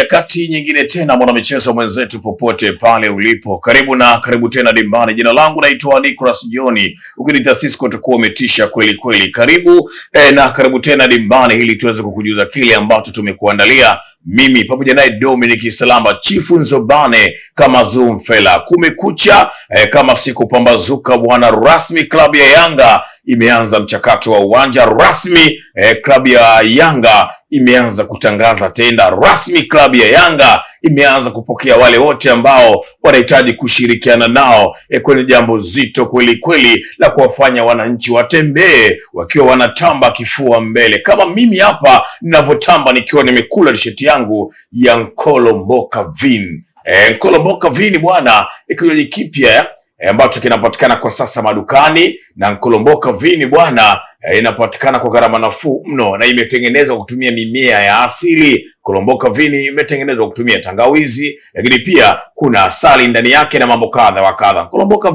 nyakati nyingine tena, mwanamichezo mwenzetu, popote pale ulipo, karibu na karibu tena dimbani. Jina langu naitwa Nicholas John, ukinita Cisco utakuwa umetisha kweli kweli. Karibu eh, na karibu tena dimbani, ili tuweze kukujuza kile ambacho tumekuandalia mimi pamoja naye Dominic Salamba, Chifu Nzobane, kama Zumfela. Kumekucha eh, kama pambazuka bwana. Rasmi klabu ya Yanga imeanza mchakato wa uwanja rasmi. Eh, klabu ya Yanga imeanza kutangaza tenda rasmi. Klabu ya Yanga imeanza kupokea wale wote ambao wanahitaji kushirikiana nao e, eh, kwenye jambo zito kweli kweli la kuwafanya wananchi watembee wakiwa wanatamba kifua mbele, kama mimi hapa ninavyotamba nikiwa nimekula tisheti yangu ya Nkolo Mboka Vin. E, eh, Nkolo Mboka Vin bwana ni kinywaji kipya eh, ambacho kinapatikana kwa sasa madukani na Nkolo Mboka bwana e, inapatikana kwa gharama nafuu mno na imetengenezwa kutumia mimea ya asili. Nkolo Mboka imetengenezwa kutumia tangawizi, lakini pia kuna asali ndani yake na mambo kadha wa kadha. Nkolo Mboka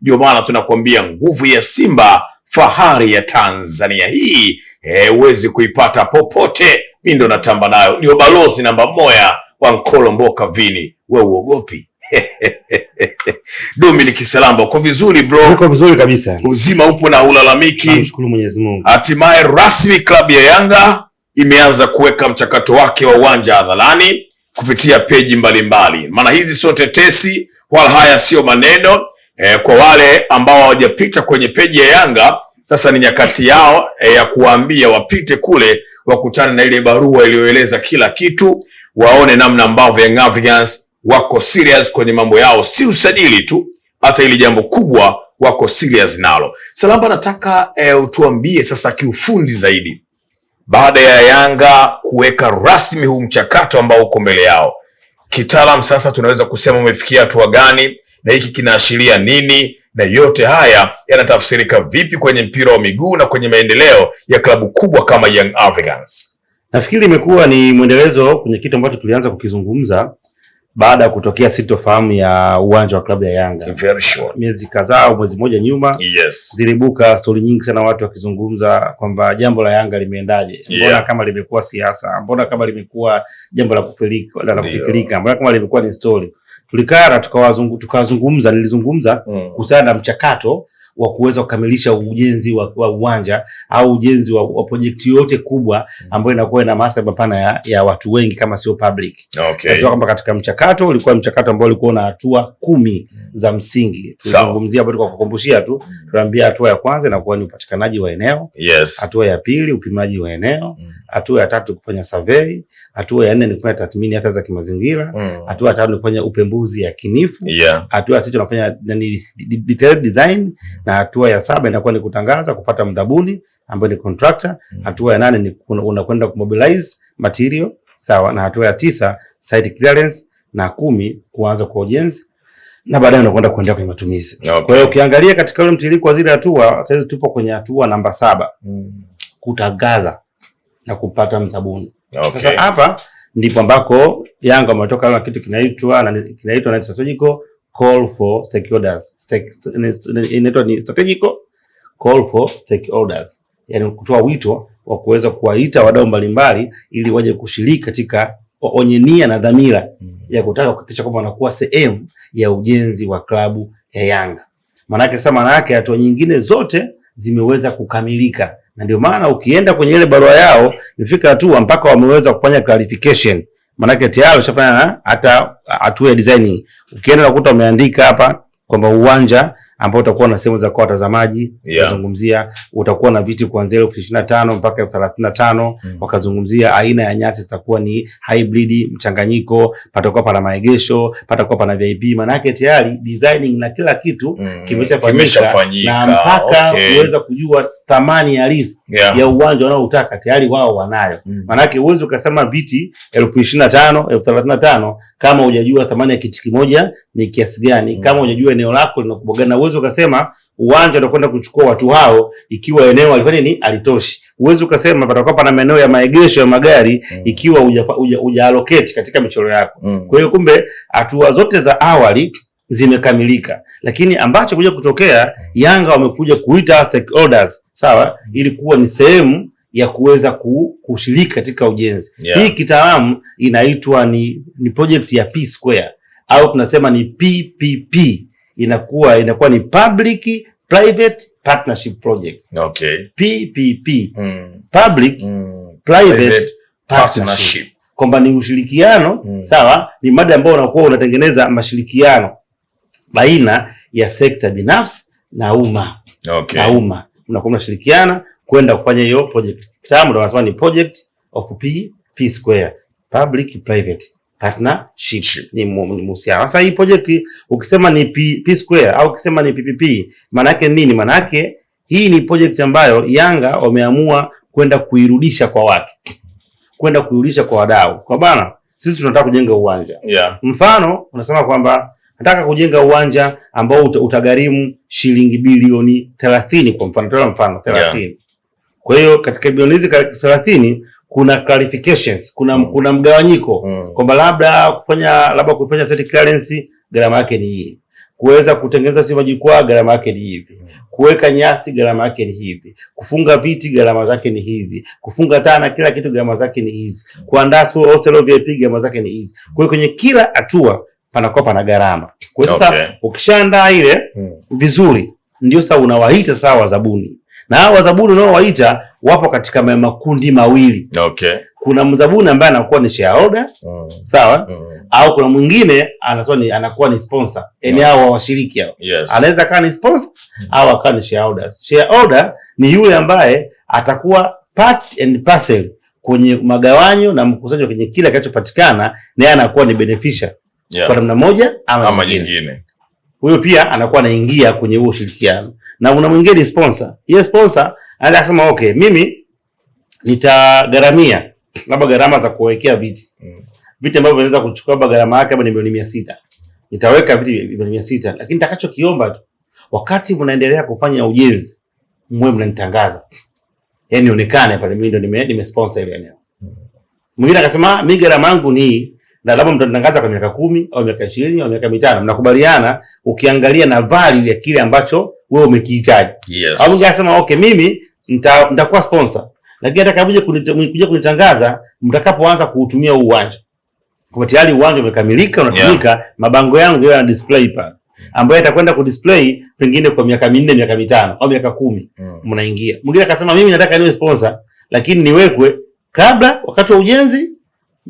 ndio maana tunakuambia nguvu ya Simba, fahari ya Tanzania hii huwezi e, kuipata popote mi ndo natamba nayo, ndio balozi namba moya wa Mboka Vini, We uogopi? Dominic Salamba, uko vizuri bro? Uko vizuri kabisa, uzima upo na ulalamiki. Namshukuru Mwenyezi Mungu. Hatimaye rasmi klabu ya Yanga imeanza kuweka mchakato wake wa uwanja hadharani kupitia peji mbalimbali, maana hizi sio tetesi wala haya siyo maneno eh. Kwa wale ambao hawajapita kwenye peji ya Yanga sasa ni nyakati yao e, ya kuambia wapite kule wakutane na ile barua iliyoeleza kila kitu, waone namna ambavyo Young Africans wako serious kwenye mambo yao, si usajili tu, hata ili jambo kubwa wako serious nalo. Salamba, nataka e, utuambie sasa kiufundi zaidi baada ya Yanga kuweka rasmi huu mchakato ambao uko mbele yao kitaalam, sasa tunaweza kusema umefikia hatua gani? na hiki kinaashiria nini, na yote haya yanatafsirika vipi kwenye mpira wa miguu na kwenye maendeleo ya klabu kubwa kama Young Africans? Nafikiri imekuwa ni mwendelezo kwenye kitu ambacho tulianza kukizungumza baada ya kutokea sintofahamu ya uwanja wa klabu ya Yanga Very sure. Miezi kadhaa au mwezi mmoja nyuma, yes. Zilibuka stori nyingi sana, watu wakizungumza kwamba jambo la Yanga limeendaje, mbona yeah. kama limekuwa siasa, mbona kama limekuwa jambo la kufikirika, mbona kama limekuwa ni stori tulikaa na tukawazungumza, nilizungumza mm. kuhusiana na mchakato wa kuweza kukamilisha ujenzi wa, wa uwanja au ujenzi wa, wa projekti yote kubwa mm. ambayo inakuwa ina masa mapana ya, ya watu wengi kama sio public. Okay. Kwamba katika mchakato ulikuwa mchakato ambao ulikuwa na hatua kumi mm. za msingi tulizungumzia, hapo tukakukumbushia tu, mm. tunaambia hatua ya kwanza inakuwa ni upatikanaji wa eneo. Yes. Hatua ya pili upimaji wa eneo, hatua ya tatu kufanya survey, hatua ya nne ni kufanya tathmini hata za kimazingira, hatua mm. ya tano ni kufanya upembuzi yakinifu, hatua yeah. ya sita unafanya nani detailed design na hatua ya saba inakuwa ni kutangaza kupata mdhabuni ambaye ni contractor. Mm. Hatua ya nane ni unakwenda kumobilize material sawa, na hatua ya tisa site clearance, na kumi kuanza kwa ujenzi na baadaye unakwenda kuendelea kwenye matumizi. Okay. Kwa hiyo ukiangalia katika ule mtiririko wa zile hatua, sasa hizi tupo kwenye hatua namba saba. Mm. Kutangaza na kupata mzabuni. Okay. Sasa hapa ndipo ambako Yanga wametoka na kitu kinaitwa kinaitwa na strategical call for stakeholders, inaitwa ni strategic call for stakeholders, yani kutoa wito wa kuweza kuwaita wadau mbalimbali ili waje kushiriki katika onye nia na dhamira mm-hmm. ya kutaka kuhakikisha kwamba wanakuwa sehemu ya ujenzi wa klabu ya Yanga. Manake sasa, manake hatua nyingine zote zimeweza kukamilika, na ndio maana ukienda kwenye ile barua yao imefika hatua mpaka wameweza kufanya clarification Manake tayari ushafanya eh, hata ah, hatua ya designing. Ukienda unakuta umeandika hapa kwamba uwanja ambao utakuwa na sehemu za kwa watazamaji yeah. Utazungumzia, utakuwa na viti kuanzia elfu ishirini na tano mpaka elfu thelathini na tano mm. Wakazungumzia aina ya nyasi zitakuwa ni hybrid mchanganyiko, patakuwa pana maegesho, patakuwa pana VIP, maana yake tayari designing na kila kitu mm. kimeshafanyika na mpaka okay. uweza kujua thamani halisi yeah. ya uwanja wanaoutaka tayari wao wanayo mm. Maanake uwezi ukasema viti elfu ishirini na tano elfu thelathini na tano kama hujajua thamani ya kiti kimoja ni kiasi gani mm. kama hujajua eneo lako lina ukubwa gani Huwezi ukasema uwanja utakwenda kuchukua watu hao ikiwa eneo alifanya nini alitoshi. Huwezi ukasema patakuwa pana maeneo ya maegesho ya magari mm. ikiwa uja allocate katika michoro yako mm. Kwa hiyo kumbe hatua zote za awali zimekamilika, lakini ambacho kuja kutokea, Yanga wamekuja kuita stakeholders sawa, mm. ili kuwa ni sehemu ya kuweza kushiriki katika ujenzi yeah. Hii kitaalamu inaitwa ni, ni project ya P square au tunasema ni PPP inakuwa inakuwa ni public private partnership project. Okay. PPP. Mm. Public mm. private, private partnership, partnership. Kwamba ni ushirikiano mm. sawa, ni mada ambayo unakuwa unatengeneza mashirikiano baina ya sekta binafsi na umma. Okay. Na umma unakuwa unashirikiana kwenda kufanya hiyo project. Kitamu ndio wanasema ni project of P, P square, public private partnership ni muhusiano. Sasa hii project ukisema ni P, P square au ukisema ni PPP maana yake nini? Maana yake hii ni project ambayo Yanga wameamua kwenda kuirudisha kwa watu, kwenda kuirudisha kwa wadau, kwa bana, sisi tunataka kujenga uwanja yeah. Mfano unasema kwamba nataka kujenga uwanja ambao utagharimu shilingi bilioni 30 kwa mfano, toa mfano 30 Yeah. Kwa hiyo katika bilioni hizi kuna clarifications, kuna mm. kuna mgawanyiko mm. kwamba labda kufanya labda kufanya set clearance gharama yake ni hii, kuweza kutengeneza si majukwaa gharama yake ni hivi mm. kuweka nyasi gharama yake ni hivi, kufunga viti gharama zake ni hizi, kufunga taa na kila kitu gharama zake ni hizi, kuandaa hostel au VIP gharama zake ni hizi. Kwa hiyo kwenye kila hatua panakuwa pana gharama. Kwa hiyo sasa okay. ukishaandaa ile mm. vizuri, ndio sasa unawaita sawa wazabuni na hao wazabuni unaowaita wapo katika makundi mawili okay. Kuna mzabuni ambaye anakuwa ni shareholder mm. sawa mm. au kuna mwingine anasema ni, anakuwa ni sponsor yani hao yeah. washiriki hao yes. anaweza akawa ni sponsor mm. au akawa ni shareholder. Shareholder ni yule ambaye atakuwa part and parcel kwenye magawanyo na mkusanyo kwenye kila kinachopatikana, naye anakuwa ni beneficiary yeah. kwa namna moja ama, ama nyingine huyo pia anakuwa anaingia kwenye huo ushirikiano na una mwingine ni sponsor. Yeye sponsor anaweza kusema okay, mimi nitagharamia labda gharama za kuwekea viti mm. viti ambavyo vinaweza kuchukua labda gharama yake ni milioni mia sita nitaweka viti milioni mia sita lakini nitakachokiomba tu wakati mnaendelea kufanya ujenzi mwe mnanitangaza, yani onekane pale, mimi ndo nime, nime sponsor ile eneo. Mm. Mwingine akasema mimi gharama yangu ni na labda mtatangaza kwa miaka kumi au miaka ishirini au miaka mitano, mnakubaliana ukiangalia na value ya kile ambacho wewe umekihitaji. Yes. Au ungesema okay, mimi nitakuwa sponsor, lakini hata atakapokuja kuja kunitangaza mtakapoanza kuutumia huu uwanja kwa tayari uwanja umekamilika unatumika, yeah. Mabango yangu yao yana display pale ambayo atakwenda ku display pengine kwa miaka minne miaka mitano au miaka kumi mm. mnaingia. Mm. Mwingine akasema mimi nataka niwe sponsor, lakini niwekwe kabla wakati wa ujenzi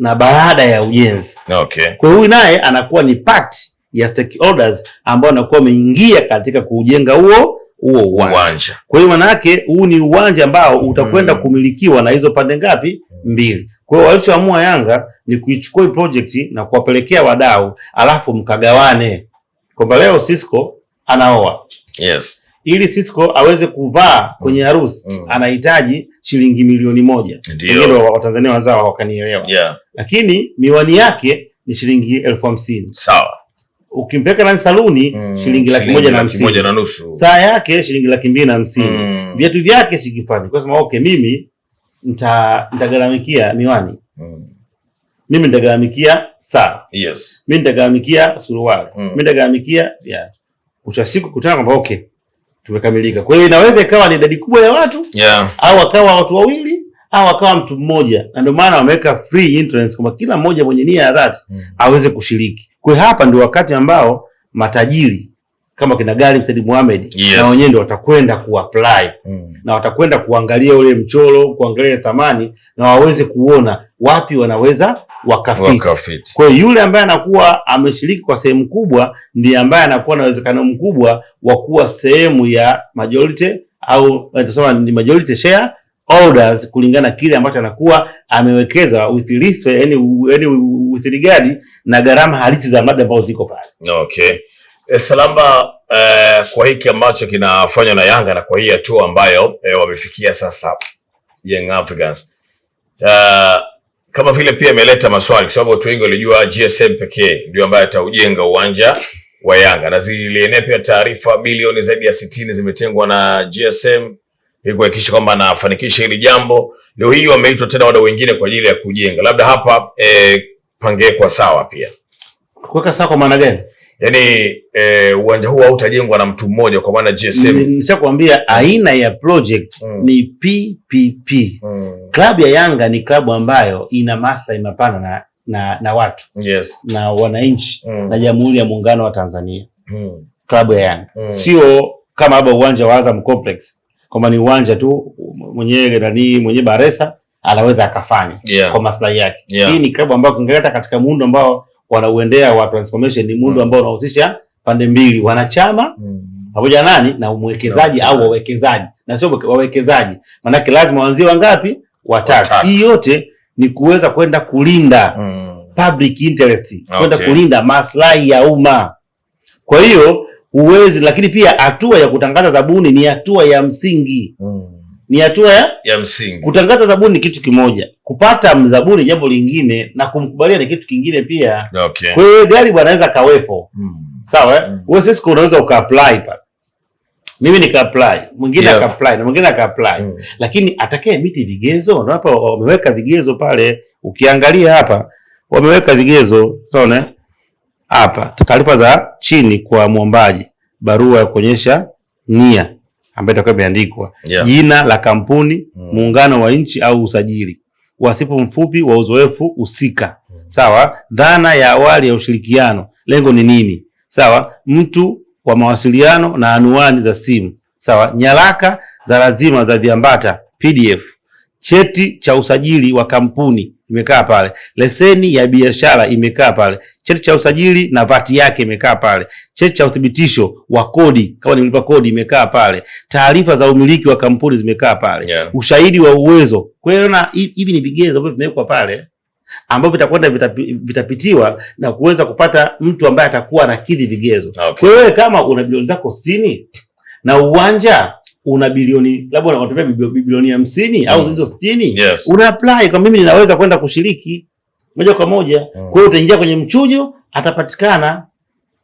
na baada ya ujenzi. Okay. Kwa hiyo naye anakuwa ni part ya stakeholders ambao anakuwa ameingia katika kuujenga huo huo uwanja. Kwa hiyo maana yake huu ni uwanja ambao utakwenda mm. kumilikiwa na hizo pande ngapi? Mbili. Kwa hiyo walichoamua Yanga ni kuichukua hii project na kuwapelekea wadau, alafu mkagawane kwamba leo Sisco anaoa. Yes ili Sisco aweze kuvaa kwenye harusi mm. mm. anahitaji shilingi milioni moja. Wengine Watanzania wazawa wakanielewa, yeah. Lakini miwani yake ni shilingi elfu hamsini sawa. Ukimpeka ndani saluni mm. shilingi laki moja na hamsini saa yake shilingi laki mbili na hamsini mm. viatu vyake shilingi fani kwa sababu okay, mimi nitagaramikia miwani mm. mimi nitagaramikia saa yes. mimi nitagaramikia suruali mm. mimi nitagaramikia viatu, mwisho wa siku kutana kwamba okay tumekamilika. Kwa hiyo inaweza ikawa ni idadi kubwa ya watu yeah, au akawa watu wawili au akawa mtu mmoja, na ndio maana wameweka free entrance kwamba kila mmoja mwenye nia ya dhati mm, aweze kushiriki. Kwa hapa ndio wakati ambao matajiri kama kina gari msaidi Mohamed yes, na wenyewe ndio watakwenda kuapply mm, na watakwenda kuangalia ule mchoro, kuangalia thamani na waweze kuona wapi wanaweza wakafiti. Kwa hiyo yule ambaye anakuwa ameshiriki kwa sehemu kubwa ndiye ambaye anakuwa na uwezekano mkubwa wa kuwa sehemu ya majority au tunasema ni majority share holders kulingana na kile ambacho anakuwa amewekeza with risk, yani yani with regard na gharama halisi za mada ambazo ziko pale. Okay. E, Salamba, eh, kwa hiki ambacho kinafanywa na Yanga na kwa hii hatua ambayo eh, wamefikia sasa Young Africans. Uh, kama vile pia imeleta maswali kwa sababu watu wengi walijua GSM pekee ndio ambaye ataujenga uwanja wa Yanga, na zilienea pia taarifa bilioni zaidi ya sitini zimetengwa na GSM ili kuhakikisha kwamba anafanikisha hili jambo. Leo hii wameitwa tena wadau wengine kwa ajili ya kujenga, labda hapa eh, pange kwa sawa pia kuweka sawa kwa maana gani? yani e, eh, uwanja huu hautajengwa na mtu mmoja kwa maana GSM. Nishakwambia aina ya project mm. ni PPP mm. klabu ya Yanga ni klabu ambayo ina maslahi mapana na, na, na watu yes. na wananchi mm. na Jamhuri ya Muungano wa Tanzania mm. klabu ya Yanga mm. sio kama labda uwanja wa Azam Complex kwamba ni uwanja tu mwenyewe nani mwenye Baresa anaweza akafanya yeah. kwa maslahi yake yeah. hii ni klabu ambayo kingeleta katika muundo ambao wanauendea wa transformation ni muundo mm. ambao unahusisha pande mbili, wanachama mm. pamoja mm. nani na mwekezaji au wawekezaji, na sio wawekezaji, maanake lazima waanzie wangapi? Watatu. Hii yote ni kuweza kwenda kulinda mm. public interest, kwenda kulinda maslahi ya umma. Kwa hiyo huwezi, lakini pia hatua ya kutangaza zabuni ni hatua ya msingi mm ni hatua ya, ya msingi. Kutangaza zaburi ni kitu kimoja, kupata mzaburi jambo lingine, na kumkubalia ni kitu kingine pia. Okay. Kwa hiyo gari bwana anaweza kawepo. Mm. Sawa? Eh? Mm. Wewe sisi unaweza ukaapply pa. Mimi nikaapply, mwingine yep, akaapply na mwingine akaapply. Mm. Lakini atakaye miti vigezo, na hapa wameweka vigezo pale, ukiangalia hapa wameweka vigezo, unaona? Hapa takalifa za chini kwa mwombaji, barua ya kuonyesha nia ambayo itakuwa imeandikwa yeah. jina la kampuni mm. muungano wa nchi au usajili, wasipo mfupi wa uzoefu husika mm. sawa. Dhana ya awali ya ushirikiano, lengo ni nini? Sawa, mtu wa mawasiliano na anuani za simu, sawa. Nyaraka za lazima za viambata PDF, cheti cha usajili wa kampuni imekaa pale, leseni ya biashara imekaa pale, cheti cha usajili na vati yake imekaa pale, cheti cha uthibitisho wa kodi kama mlipa kodi imekaa pale, taarifa za umiliki wa kampuni zimekaa pale, yeah. ushahidi wa uwezo. Kwa hiyo na hivi ni vigezo ambavyo vimewekwa pale ambavyo vitakwenda vitapitiwa na kuweza kupata mtu ambaye atakuwa anakidhi vigezo. Okay. Kwa hiyo kama una bilioni zako 60 na uwanja una bilioni labda unakotembea bilioni hamsini au mm. zilizo sitini yes. una apply kwa mimi ninaweza kwenda kushiriki moja kwa moja mm. kwa hiyo utaingia kwenye mchujo, atapatikana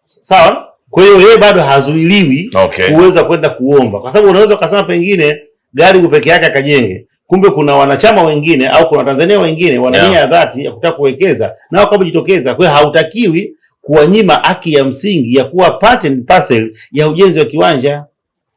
sawa. Kwa hiyo yeye bado hazuiliwi okay. kuweza kwenda kuomba, kwa sababu unaweza ukasema pengine gari Galibu peke yake akajenge, kumbe kuna wanachama wengine au kuna Tanzania wengine wana nia yeah. ya dhati ya kutaka kuwekeza na wako kujitokeza Kwa hiyo hautakiwi kuwanyima haki ya msingi ya kuwa part and parcel ya ujenzi wa kiwanja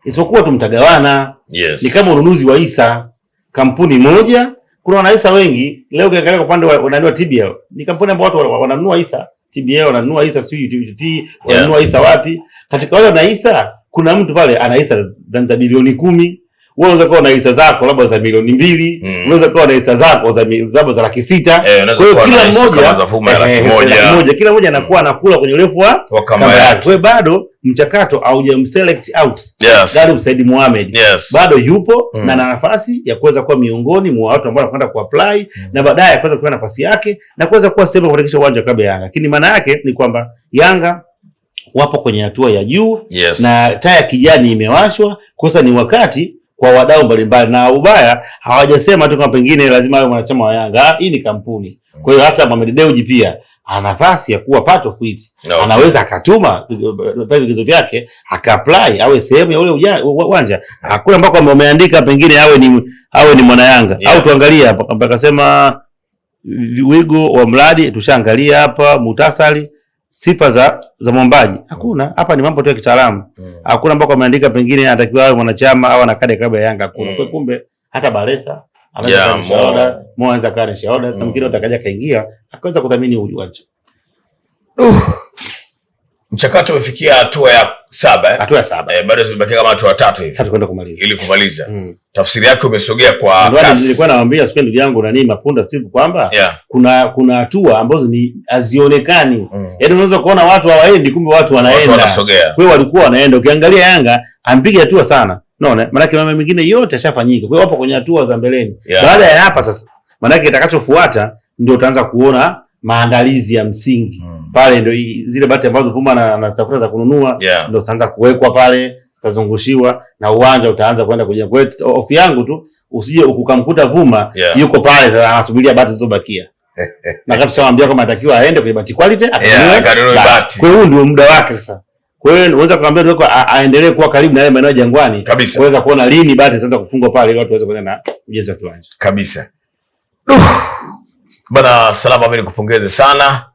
isipokuwa tu mtagawana. Yes. Ni kama ununuzi wa hisa, kampuni moja, kuna wanahisa wengi. Leo ukiangalia kwa upande wa unanua TBL, ni kampuni ambayo watu wananunua hisa TBL, wananunua hisa sio UTT, wananunua yeah, hisa wapi? Katika wale wanahisa kuna mtu pale ana hisa za bilioni kumi wewe unaweza kuwa na hisa zako labda za milioni mbili mm. Unaweza kuwa na hisa zako za labda za laki sita eh, kwa hiyo kila mmoja kila mmoja anakuwa anakula kwenye urefu wa kama yake. Wewe bado mchakato haujamselect out yes. Gharib Said Mohamed yes. bado yupo mm. na ana nafasi ya kuweza kuwa miongoni mwa watu ambao wanakwenda kuapply mm. na baadaye kuweza kuwa nafasi yake na kuweza kuwa sehemu kuhakikisha uwanja wa klabu ya Yanga, lakini maana yake ni kwamba Yanga wapo kwenye hatua ya juu yes. na taa ya kijani imewashwa kwa ni wakati kwa wadau mbalimbali, na ubaya hawajasema tu kama pengine lazima awe mwanachama wa Yanga. Hii ni kampuni kwa hiyo hata Mohamed Dewji pia ana nafasi ya kuwa part of it. Okay. Anaweza akatuma eh, eh, vigezo vyake akaapply awe sehemu ya ule uwanja. Hakuna ambako ameandika pengine awe ni awe ni mwana Yanga. Yeah. Au tuangalie hapa akasema wigo wa mradi tushaangalia hapa muhtasari sifa za za mwombaji hakuna hapa. Ni mambo tu ya kitaalamu, mm. hakuna ambako ameandika pengine anatakiwa awe mwanachama au ana kadi ya klabu ya Yanga. Hakuna. Mm. Kumbe hata Baresa Mm. mchakato umefikia hatua ya saba eh? hatua ya saba eh, bado zimebakia kama hatua tatu hivi kumaliza ili kumaliza mm. tafsiri yake umesogea kwa kasi. Nilikuwa naambia siku ndugu yangu na Mapunda Steve kwamba yeah. kuna kuna hatua ambazo ni hazionekani mm. yaani unaweza kuona watu hawaendi kumbe watu wanaenda, watu wanasogea. Kwa hiyo walikuwa wanaenda, ukiangalia Yanga ampiga hatua sana Unaona? Maana mambo mengine yote yashafanyika. Kwa hiyo wapo kwenye hatua za mbeleni. Yeah. Baada ya hapa sasa, maana yake itakachofuata ndio utaanza kuona maandalizi ya msingi. Mm. Pale ndio zile bati ambazo Puma anatafuta na za kununua yeah, ndio utaanza kuwekwa pale, utazungushiwa na uwanja utaanza kwenda kwenye Kwa hiyo hofu yangu tu usije ukukamkuta Vuma yeah, yuko pale sasa anasubiria bati zilizobakia. na kabisa waambia kama atakiwa aende kwenye bati quality akanunue. Yeah, kwa hiyo ndio muda wake sasa. Kwa hiyo unaweza kumwambia mtu aendelee kuwa karibu na yale maeneo Jangwani kabisa, kuweza kuona lini bado sasa kufungwa pale, ili watu waweze kuenda na ujenzi wa kiwanja kabisa. Bana Salama, mimi nikupongeze sana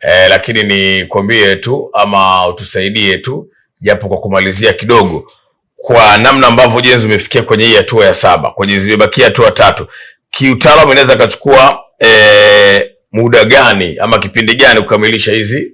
eh, lakini nikwambie tu ama utusaidie tu japo kwa kumalizia kidogo, kwa namna ambavyo ujenzi umefikia kwenye hii hatua ya saba, kwenye zimebakia hatua tatu, kiutaalamu inaweza kachukua e, eh, muda gani ama kipindi gani kukamilisha hizi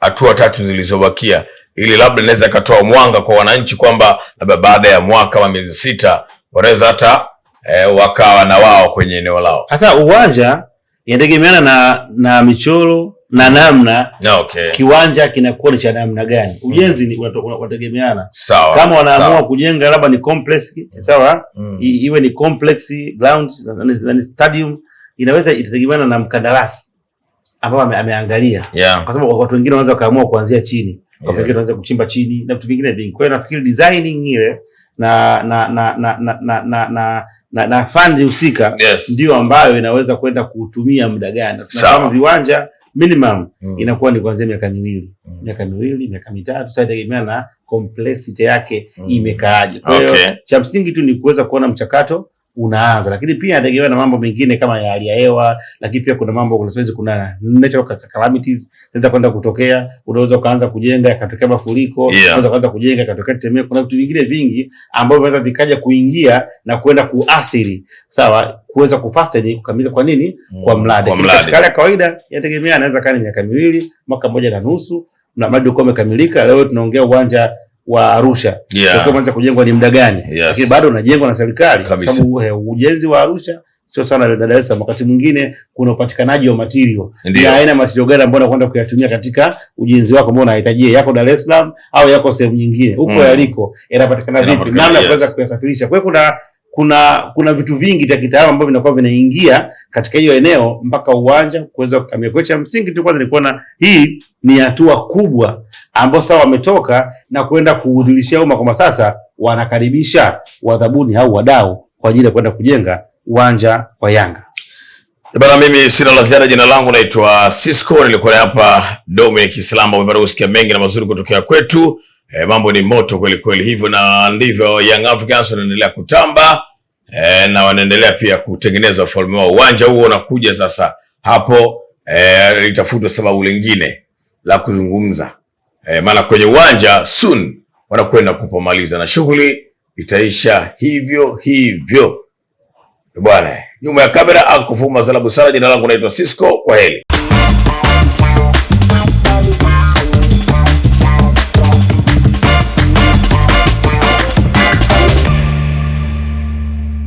hatua tatu zilizobakia? ili labda inaweza ikatoa mwanga kwa wananchi kwamba labda baada ya mwaka wa miezi sita wanaweza hata e, wakawa na wao kwenye eneo lao. Sasa uwanja inategemeana na na michoro na namna okay. Kiwanja kinakuwa ni cha namna gani? Mm. Ujenzi ni unategemeana, sawa. Kama wanaamua sawa, kujenga labda ni complex sawa, mm. I, iwe ni complex grounds na stadium, inaweza itategemeana na mkandarasi ambao ame, ameangalia yeah. Kwa sababu watu wengine wanaweza wakaamua kuanzia chini kwa kuchimba chini na vitu vingine vingi. Kwa hiyo nafikiri designing ile na na na na na na, na, na na, na husika yes, ndio ambayo inaweza kwenda kutumia muda gani. Tunafahamu viwanja minimum mm, inakuwa ni kuanzia miaka miwili mm, miaka miwili miaka mitatu, sasa itegemea na complexity yake mm, imekaaje. Kwa hiyo okay, cha msingi tu ni kuweza kuona mchakato unaanza, lakini pia inategemea na mambo mengine kama ya hali ya hewa, lakini pia kuna mambo, kuna siwezi, kuna natural calamities zinaweza kwenda kutokea. Unaweza kuanza kujenga yakatokea mafuriko, yeah. Unaweza kuanza kujenga yakatokea tetemeko. Kuna vitu vingine vingi ambavyo vinaweza vikaja kuingia na kwenda kuathiri, sawa, kuweza kufasten kukamilika. Kwa nini? Mm, kwa mradi. Katika hali ya kawaida inategemea, anaweza kaa ni miaka miwili, mwaka mmoja na nusu, na mradi uko umekamilika. Leo tunaongea uwanja wa Arusha yeah. Kwanza kujengwa ni muda gani? Lakini bado unajengwa na serikali, sababu eh, ujenzi wa Arusha sio sana Dar es Salaam. Wakati mwingine kuna upatikanaji wa material ya aina material gani ambayo unakwenda kuyatumia katika ujenzi wako ambao unahitaji, yako Dar es Salaam au yako sehemu nyingine, huko mm. yaliko yanapatikana vipi, namna ya kuweza kuyasafirisha. Kwa hiyo kuna kuna kuna vitu vingi vya kitaalamu ambavyo vinakuwa vinaingia katika hiyo eneo mpaka uwanja kuweza kukamia. Kwa cha msingi tu kwanza ni kuona hii ni hatua kubwa ambao sasa wametoka na kwenda kuudhilishia umma kwamba sasa wanakaribisha wadhabuni au wadau kwa ajili ya kwenda kujenga uwanja wa Yanga. Bana, mimi sina la ziada. Jina langu naitwa Cisco, nilikuwa hapa Dominic Islam. Umepata kusikia mengi na mazuri kutokea kwetu. E, mambo ni moto kweli kweli, hivyo na ndivyo Young Africans wanaendelea kutamba e, na wanaendelea pia kutengeneza ufalme wao. Uwanja huo unakuja sasa hapo, e, litafutwa sababu lingine la kuzungumza e, maana kwenye uwanja soon wanakwenda kupomaliza na shughuli itaisha hivyo hivyo bwana. Nyuma ya kamera Uncle Salabu sana jina langu naitwa Sisco, kwa heli.